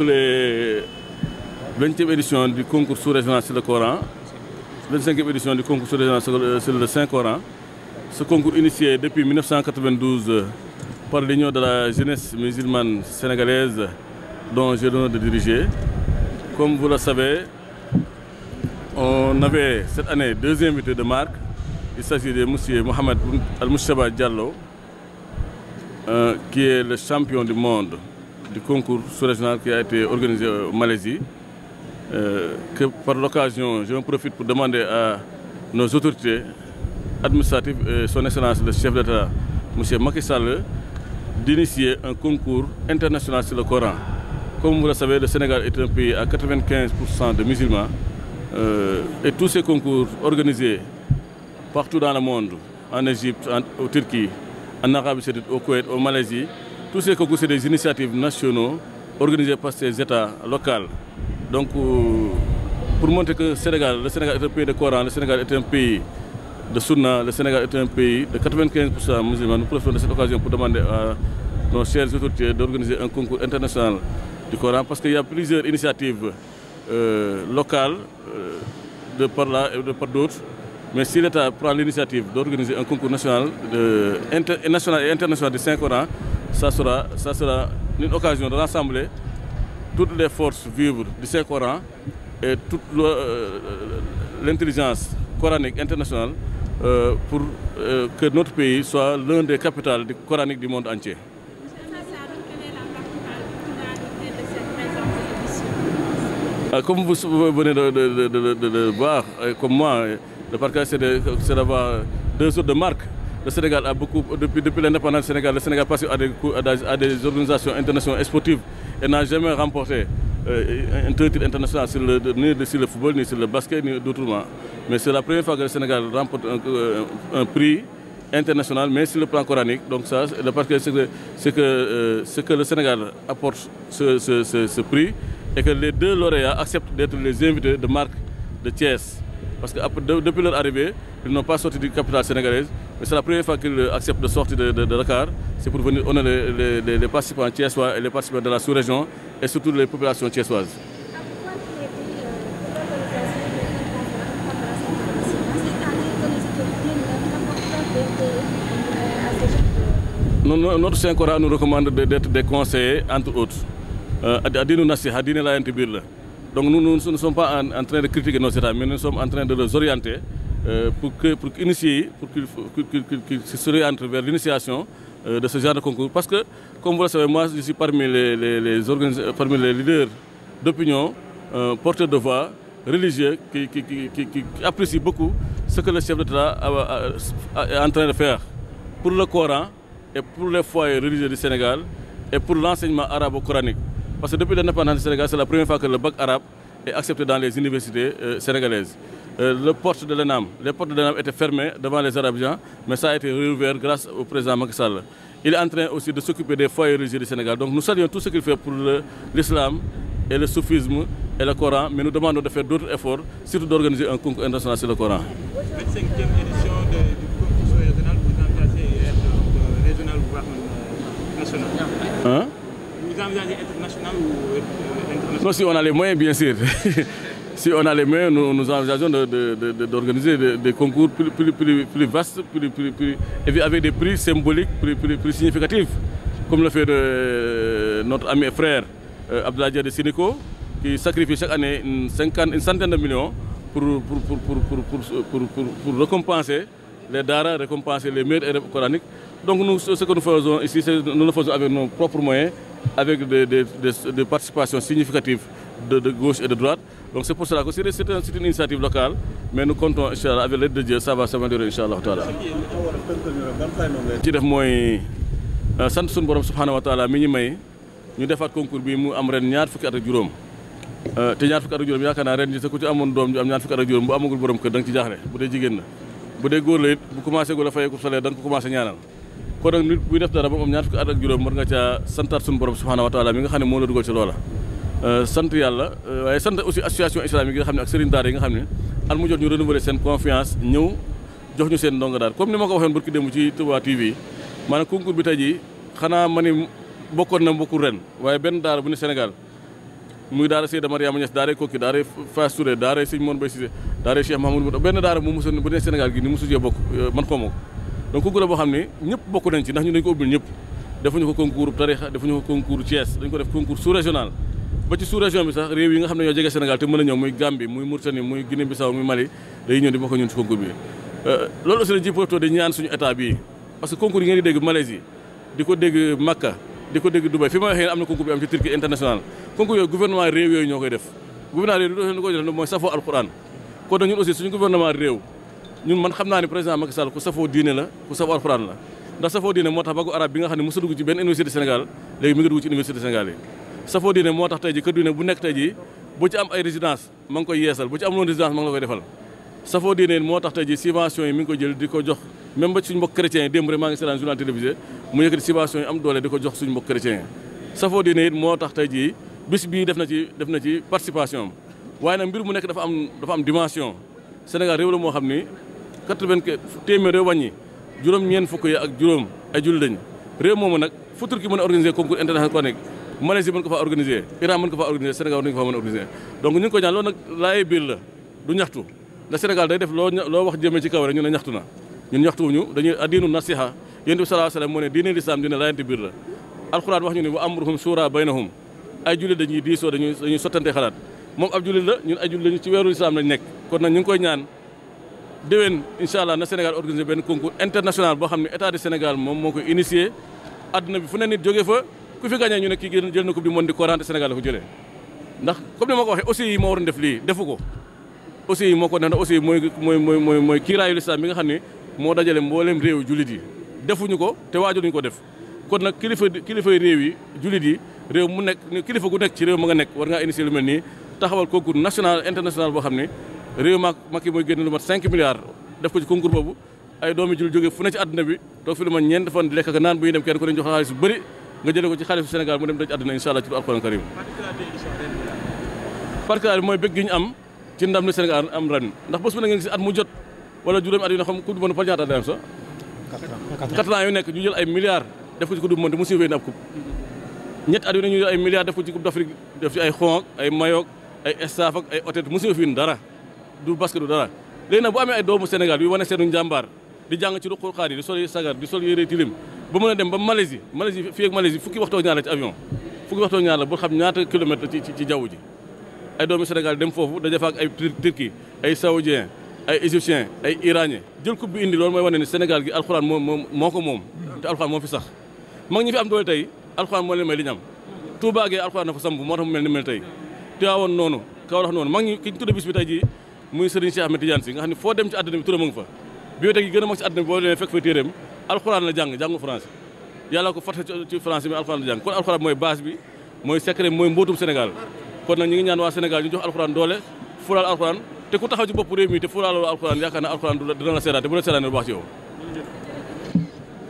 Les 20e édition du concours sous sur le Coran, 25e édition du concours régional sur le Saint-Coran. Ce concours initié depuis 1992 par l'Union de la jeunesse musulmane sénégalaise dont j'ai l'honneur de diriger. Comme vous le savez, on avait cette année deux invités de marque. Il s'agit de M. Mohamed Al-Mouchaba Diallo, euh, qui est le champion du monde du concours sous-régional qui a été organisé en Malaisie. Euh, que par l'occasion, je profite pour demander à nos autorités administratives, et son excellence le chef d'État, M. Macky d'initier un concours international sur le Coran. Comme vous le savez, le Sénégal est un pays à 95% de musulmans euh, et tous ces concours organisés partout dans le monde, en Égypte, en, Turquie, en Arabie Saoudite, au Koweït, au Malaisie, tous ces concours, c'est des initiatives nationaux organisées par ces États locaux. Donc, euh, pour montrer que le Sénégal, est un pays de Coran, le Sénégal est un pays de Sunna, le Sénégal est un pays de 95% musulmans, nous profitons de cette occasion pour demander à nos chers autorités d'organiser un concours international du Coran parce qu'il y a plusieurs initiatives euh, locales euh, de par là et de par d'autres. Mais si l'État prend l'initiative d'organiser un concours national, national et international du Saint-Coran, ça sera, ça sera une occasion de rassembler toutes les forces vivres de ces coran et toute euh, l'intelligence coranique internationale euh, pour euh, que notre pays soit l'un des capitales coraniques du monde entier. Ah, comme vous venez de, de, de, de, voir, comme moi, le parc c'est d'avoir deux sortes de marques le Sénégal a beaucoup, depuis, depuis l'indépendance du Sénégal, le Sénégal passe à des, organisations internationales et sportives et n'a jamais remporté euh, un titre international ni sur le football, ni sur le basket, ni d'autres Mais c'est la première fois que le Sénégal remporte un, euh, prix international, mais sur le plan coranique. Donc ça, parce que c'est que, euh, que, le Sénégal apporte ce, prix et que les deux lauréats acceptent d'être les invités de marque de Thiès. Parce que depuis leur arrivée, ils n'ont pas sorti du capital sénégalaise. Mais c'est la première fois qu'ils acceptent de sortir de, Dakar. C'est pour venir honorer les, les, participants tiessois et les participants de la sous-région et surtout les populations tiessoises. notre Saint-Coran nous recommande d'être des conseillers, entre autres. Donc nous, ne sommes pas en, train de critiquer nos États, mais nous sommes en train de les orienter euh, pour qu'ils pour qu'ils se réentrent vers l'initiation euh, de ce genre de concours. Parce que, comme vous le savez, moi je suis parmi les, les, les, parmi les leaders d'opinion, euh, porteurs de voix, religieux, qui, qui, qui, qui, apprécient beaucoup ce que le chef d'État est en train de faire pour le Coran et pour les foyers religieux du Sénégal et pour l'enseignement arabo-coranique. Parce que depuis l'indépendance du Sénégal, c'est la première fois que le bac arabe est accepté dans les universités euh, sénégalaises. Euh, le porte de les portes de l'ENAM étaient fermées devant les Arabiens, mais ça a été réouvert grâce au président Macky Il est en train aussi de s'occuper des foyers religieux du Sénégal. Donc nous saluons tout ce qu'il fait pour l'islam et le soufisme et le Coran, mais nous demandons de faire d'autres efforts, surtout d'organiser un concours international sur le Coran. 25e édition du concours régional, vous et être régional, euh, national. Hein? Vous envisagez international ou euh, international si on a les moyens, bien sûr. si on a les moyens, nous, envisageons d'organiser des, concours plus, vastes, avec des prix symboliques plus, significatifs, comme le fait euh, notre ami et frère euh, de qui sacrifie chaque année une, centaine de millions pour, pour, récompenser les dara, récompenser les meilleurs coraniques. Donc nous, ce que nous faisons ici, c'est nous le faisons avec nos propres moyens avec des, des, des, des participations significatives de, de, gauche et de droite. Donc c'est pour cela que c'est une, une, initiative locale, mais nous comptons, Inch'Allah, avec l'aide de Dieu, ça va s'améliorer, Inch'Allah. ci def mooy euh, sant sun borom subhanahu wa taala mi ñu may ñu defaat concours bi mu am ren ñaar fukki at ak juróom euh, té ñaar fukkat ak juróom yaaka na ren ci te ku ci amoon doom ju am ñaar fukkat ak juróom bu amagul borom kër dang ci jaaxle bu dé jigen na bu dé góor la it bu commencé gu la fayeeku salaire da ko commencé ñaanal kon nag nit buy def dara ba moom ñaar la dugal ci loola euh, sant yàlla euh, waaye sant aussi association islamique yi nga xam ne mu ni ma ko waxee woon barki démb ci Touba TV maanaam ni bokkoon na bokkul ren waaye benn daara bu ne Sénégal muy daara Seyda Mariama Niass daara Kokki daara benn daara mu musul bu ne Sénégal gi ni musul jee bokk euh, man xamoo ko donc concours boo xam ne ñëpp bokk nañ ci ndax ñu dañ ko ubbil ñëpp defuñu ko concours tarixa defuñu ko concours ko def concours sous régional ba ci sous région bi sax réew yi nga xam bi euh, loolu aussi ko dégg Makka di ko ma waxee bi am mooy safoo alquran kon nag ñun aussi suñu gouvernement réew ñun man xam naa ne président Macky Sall ku safoo diine la ku safoo alxuraan la ndax safoo diine moo tax bagu arab bi nga xam ne mosa dugg ci benn université Sénégal léegi mi ngi dugg ci université Sénégal yi safoo diine moo tax tey ji kër diine bu ji bu ci moo tax tey ji subvention yi mi ngi ko jël di ko jox même ba suñu mbokk chrétiens yi démb rek maa ngi seetaan journal télévisé mu yëkkati subvention yi am doole di ko jox suñu mbokk chrétiens yi safoo diine it moo tax tey ji bis bii def na ci def na ci participation am waaye nag mbir nekk dafa am dafa am dimension Sénégal la moo xam ni quatre-vingt téeméer wàññi juróom-ñeent fukk yi ak juróom ay jullit lañ réew moomu nag fu Turquie mën a organiser concours international coranique Malaisie mën ko faa organiser Iran mën ko faa organiser donc ñu ngi ñaan loolu nag laay biir la du ñaxtu ndax Sénégal day def loo loo wax jëmee ci kaw rek ñu ne ñaxtu na ñun ñaxtuwuñu dañuy addiinu nasiha yonent bi sallallahu alayhi ne diine lislaam dina laayante biir la alxuraan wax ñu ne wa amruhum suura baynahum ay jullit dañuy diisoo dañuy dañuy sottante xalaat moom ab jullit la ñun ay jullit lañu nekk kon nag ñu ngi ñaan déwén incha allah na Sénégal organisé benn concours international boo xam ne état du Sénégal moom moo ko initié àdduna bi fu ne nit jógee fa ku fi gagné ñu ne kii jël na ko bi monde di Coran te Sénégal la ko jëlee ndax comme ni ma ko waxee aussi yi moo waroon def lii defu ko aussi yi moo ko def aussi mooy mooy mooy mooy kiiraayu lislaam bi nga xam ne moo dajale mbooleem réew jullit yi defuñu ko te waajuruñu ko def kon na kilifa kilifay réew yi jullit yi réew mu nekk kilifa gu nekk ci réew ma nga nekk war ngaa initier lu mel nii taxawal national international boo xam ne réew mak maki mooy génn lu mat 5 milliards def ko ci concours boobu ay doomi jul jógee fu ne ci àdduna bi toog fi lu mat ñeent fan di lekk ak naan bu ñuy dem kenn ku leen jox xaalis bu bëri nga jëlee ko ci xaalisu Sénégal mu dem daj àdduna incha allah ci lu alquran karim particulier mooy bëgg gi ñu am ci ndam li Sénégal am ren ndax bés bu ne ngeen gis at mu jot wala juróomi at yu ne xam coupe du monde par ñaata at am sax quatre ans yu nekk ñu jël ay milliards def ko ci coupe du monde mu suñu wéy coupe ñetti at ñu ay milliards def ko ci coupe d'Afrique def ci ay xonk ay mayook ay staff ak ay hôtel mu suñu dara du basket du dara léegi nag bu amee ay doomu Sénégal yu wane seenu njàmbaar di jàng ci ruqu xaar yi di sol sagar di sol yére tilim ba mën a dem ba Malaisie Malaisie fii ak Malaisie fukki waxtoo ñaar avion fukki waxtoo ñaar bu xam ñaata kilomètre ci ci ay doomu Sénégal dem foofu daje fa ak ay turki ay saoudien ay égyptien ay iranien jël coupe bi indi loolu mooy wane ni Sénégal alxuraan moom moom moo ko moom te alxuraan moo fi sax mag ñi fi am do tey alxuraan moo leen may li ñu am Touba gee alxuraan dafa samp mu mel ni mel tey noonu Kaolack noonu muy Serigne Cheikh Ahmed Tidiane si nga xam ne foo dem ci àdduna bi turam a nga fa bibliothèque gën a mag ci àdduna bi boo demee fekk fa téeréem alxuraan la jàng jàngu français yàlla ko fàtte ci français mais alxuraan la jàng kon alxuraan mooy base bi mooy secret mooy mbootum Sénégal kon nag ñi ngi ñaan waa Sénégal ñu jox alxuraan doole fulaal alxuraan te ku taxaw ci bopp réew mi te fulaaloo alxuraan yaakaar na alxuraan dina la seetaan te bu la seetaanee bu